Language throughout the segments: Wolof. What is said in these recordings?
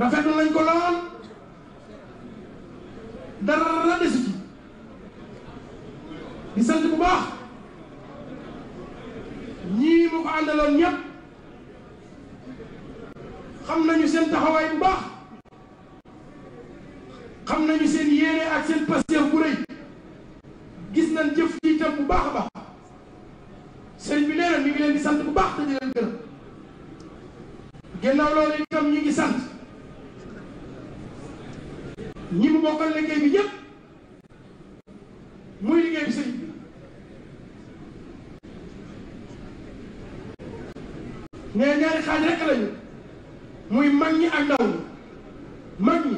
rafetlu nañ ko lool dara desu ci di sant bu baax ñii mu ko àndaloon ñëpp xam nañu seen taxawaay bu baax xam nañu seen yéene ak seen pastéef bu gis nañ jëf ci itam bu baax a baax bi nee na mi leen di sant bu baax te di leen gërëm gannaaw loolu itam ñu ngi sant ñi mu bokkal liggéey bi yëpp muy liggéey bi sëriñ bi ne ñaari xaaj rekk lañu muy mag ñi ak ndaw mag ñi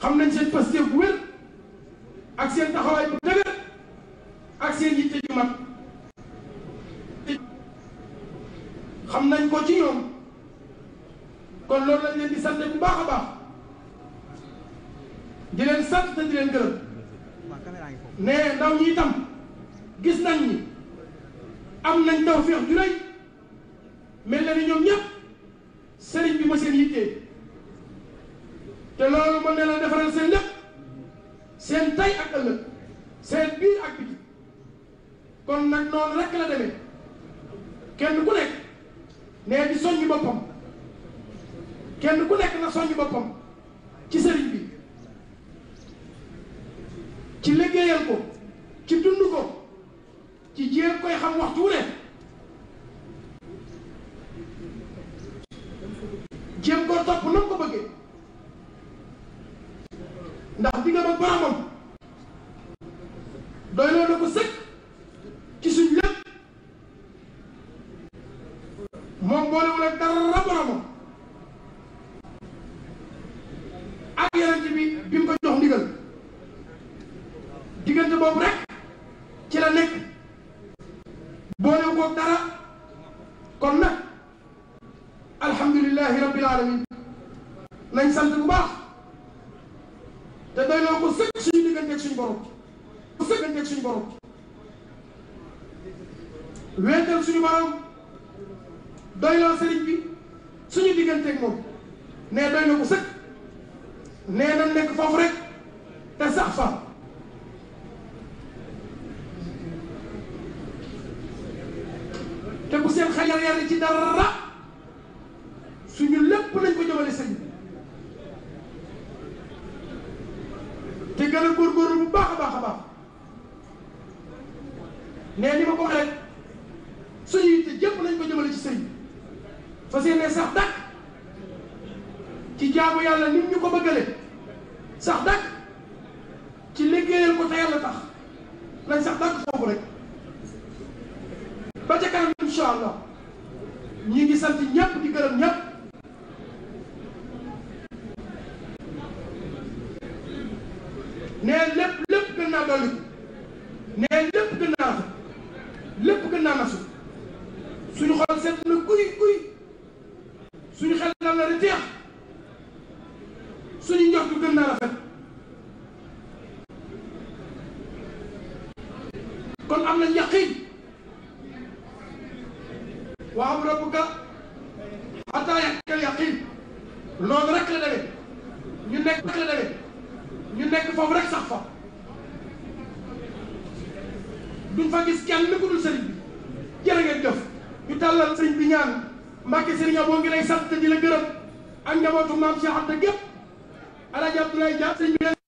xam nañ seen pastéef bu wér ak seen taxawaay bu dëgër ak seen yitte ju mag xam nañ ko ci ñoom kon loolu lañ leen di sant bu baax a baax di leen sant te di leen gërëm ne ndaw ñi itam gis nañ ni am nañ tawféex ju rëy mel na ni ñoom ñëpp sëriñ bi ma seen yittee te loolu mën na la defaral seen lépp seen tay ak ëllëg seen biir ak biti kon nag noonu rek la demee kenn ku nekk nee di soññ boppam kenn ku nekk na soññ boppam ci sëriñ bi ci jéem koy xam waxtu wu ne jéem koo topp na ko bëggee ndax di ba boromam doy loo na ko sëkk ci suñ lépp moom boolewul ak dara boole ko dara kon nag alhamdulilahi rabbil alamin nañ sant bu baax te doyloo ko sëkk suñu digganteeg suñu borom ko sëkk digganteeg suñu borom wéetal suñu borom doyloo sëriñ bi suñu digganteeg moom nee doy na foofu rek te sax fa seen xajal yàlla ci dara suñu lépp lañ ko te gën a góorgóorlu bu baax a lañ ko jëmale ci sëñ bi fas yéene sax dàkk ci jaamu yàlla nit ñu ko bëggale sax dàkk ci liggéeyal ko te yàlla tax lañ sax dàkk foofu rek ba ca incha allah ñi ngi sant ñëpp di gërëm ñëpp. nee lépp lépp gën naa dolli nee lépp gën naa fa lépp gën naa nasu suñu xol seet na guy guy suñu xel na di teex suñu njox du gën naa rafet kon am na yaqiin wa am rabbuka hatta yakal yaqin loolu rek la demee ñu nekk rek la foofu rek sax fa duñ fa gis kenn ku dul sëriñ bi jërë ñu tàllal sëriñ bi ñaan Mbàkke sëriñ boo ngi lay sant di la gërëm ak njabootu maam Cheikh Anta gépp Alaaji Abdoulaye Dia sëriñ bi